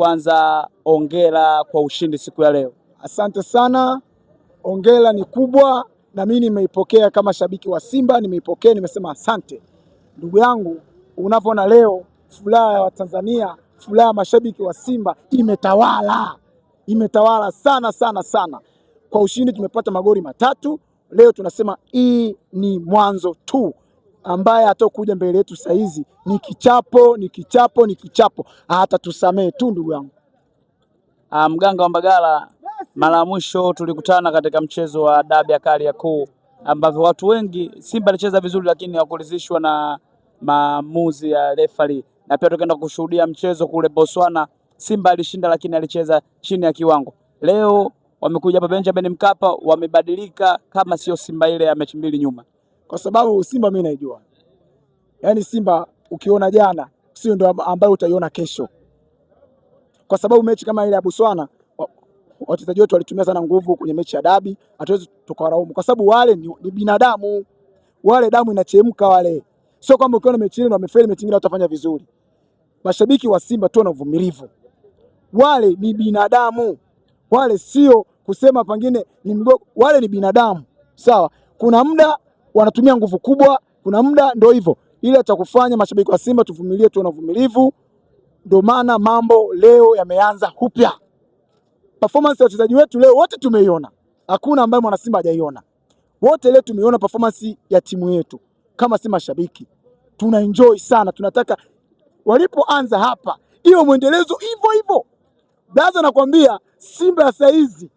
kwanza ongera kwa ushindi siku ya leo. Asante sana, ongera ni kubwa, na mimi nimeipokea kama shabiki wa Simba, nimeipokea nimesema asante ndugu yangu. Unavyoona leo furaha ya Watanzania, furaha ya mashabiki wa Simba imetawala, imetawala sana sana sana. Kwa ushindi tumepata magoli matatu leo, tunasema hii ni mwanzo tu ambaye hatokuja mbele yetu saa hizi ni kichapo, ni kichapo, ni kichapo, hata tusamee tu ndugu yangu. Ah, mganga wa Mbagala, mara ya mwisho tulikutana katika mchezo wa dabi ya kuu ambavyo watu wengi Simba alicheza vizuri, lakini hawakuridhishwa na maamuzi ya refari, na pia tukaenda kushuhudia mchezo kule Botswana. Simba alishinda, lakini alicheza chini ya kiwango. Leo wamekuja hapa Benjamin Mkapa, wamebadilika kama sio Simba ile ya mechi mbili nyuma kwa sababu Simba mimi naijua. Yaani Simba ukiona jana sio ndio ambayo utaiona kesho, kwa sababu mechi kama ile ya Botswana wachezaji wetu walitumia sana nguvu kwenye mechi ya dabi, hatuwezi tukawaraumu kwa sababu wale ni, ni binadamu wale, damu inachemka wale, sio kwamba ukiona mechi ile ndio wamefeli, mechi nyingine watafanya vizuri. Mashabiki wa Simba tu na uvumilivu, wale ni binadamu wale, sio kusema pengine ni mgogo, wale ni binadamu sawa, kuna muda wanatumia nguvu kubwa, kuna muda ndio hivyo, ile cha kufanya mashabiki wa Simba tuvumilie, tuwe na uvumilivu. Ndio maana mambo leo yameanza upya. Performance ya wachezaji wetu leo wote tumeiona, hakuna ambaye mwana Simba hajaiona. Wote leo tumeiona performance ya timu yetu. Kama si mashabiki tuna enjoy sana, tunataka walipoanza hapa hiyo mwendelezo hivyo hivyo. Blaza nakwambia, Simba ya saizi,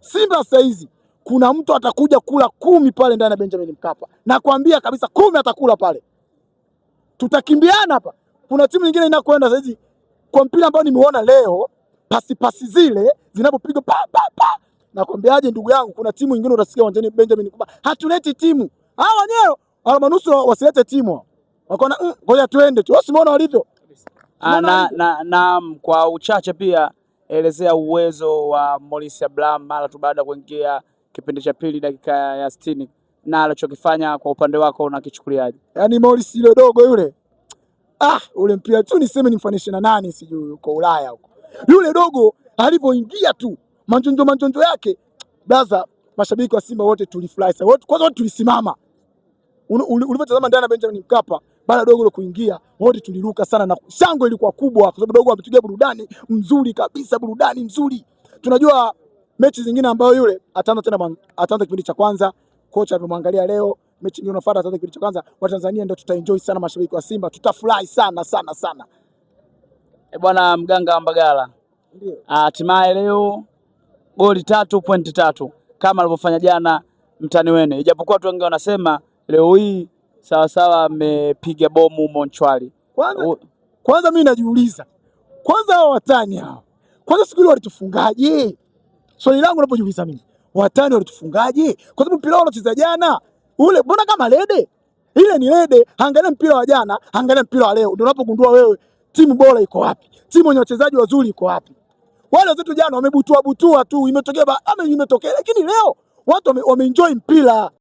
Simba ya saizi kuna mtu atakuja kula kumi pale ndani ya Benjamin Mkapa, nakwambia kabisa, kumi atakula pale, tutakimbiana hapa. Kuna timu nyingine inakwenda saizi kwa mpira ambao nimeona leo, pasi pasi zile zinapopiga pa pa pa, nakwambiaje ndugu yangu, kuna timu nyingine utasikia uwanjani Benjamin Mkapa, hatuleti timu hao wenyewe almanusu wasilete timu, wakona, mm, ngoja tuende tu, usimeona walivyo ah, na, na, na kwa uchache pia elezea uwezo wa Morris Abraham mara tu baada ya kuingia kipindi cha pili dakika ya 60 na alichokifanya kwa upande wako unakichukuliaje? Yaani Morris ile dogo yule, ah, ule mpira tu niseme nimfanishe na nani, sijui yuko Ulaya huko, yule dogo alipoingia tu manjonjo manjonjo yake baza mashabiki wa Simba wote tulifurahi sana, wote kwanza, wote tulisimama. Ulivyotazama ndani ya Benjamin Mkapa baada dogo ile kuingia, wote tuliruka sana na shangwe ilikuwa kubwa, kwa sababu dogo ametugia burudani nzuri kabisa, burudani nzuri. Tunajua mechi zingine ambayo yule ataanza tena, ataanza kipindi cha kwanza, kocha amemwangalia leo, mechi ndio nafuata ataanza kipindi cha kwanza. wa Tanzania ndio tutaenjoy sana, mashabiki wa Simba tutafurahi sana sana sana. E bwana mganga wa Mbagala, Ndio. Ah, hatimaye leo goli tatu pointi tatu kama alivyofanya jana mtani wene. ijapokuwa watu wengi wanasema leo hii sawa sawa amepiga bomu Monchwali. Kwanza, kwanza mimi najiuliza kwanza hao watani hao kwanza siku ile walitufungaje? Yeah. Swali langu unapojiuliza mimi, watani walitufungaje? Kwa sababu mpira wao jana. Ule mbona kama lede? Ile ni lede. Angalia mpira wa jana, angalia mpira wa leo. Ndio unapogundua wewe timu bora iko wapi? Timu yenye wachezaji wazuri iko wapi? Wale wenzetu jana wamebutua butua tu, imetokea ama imetokea, lakini leo watu wameenjoy mpira.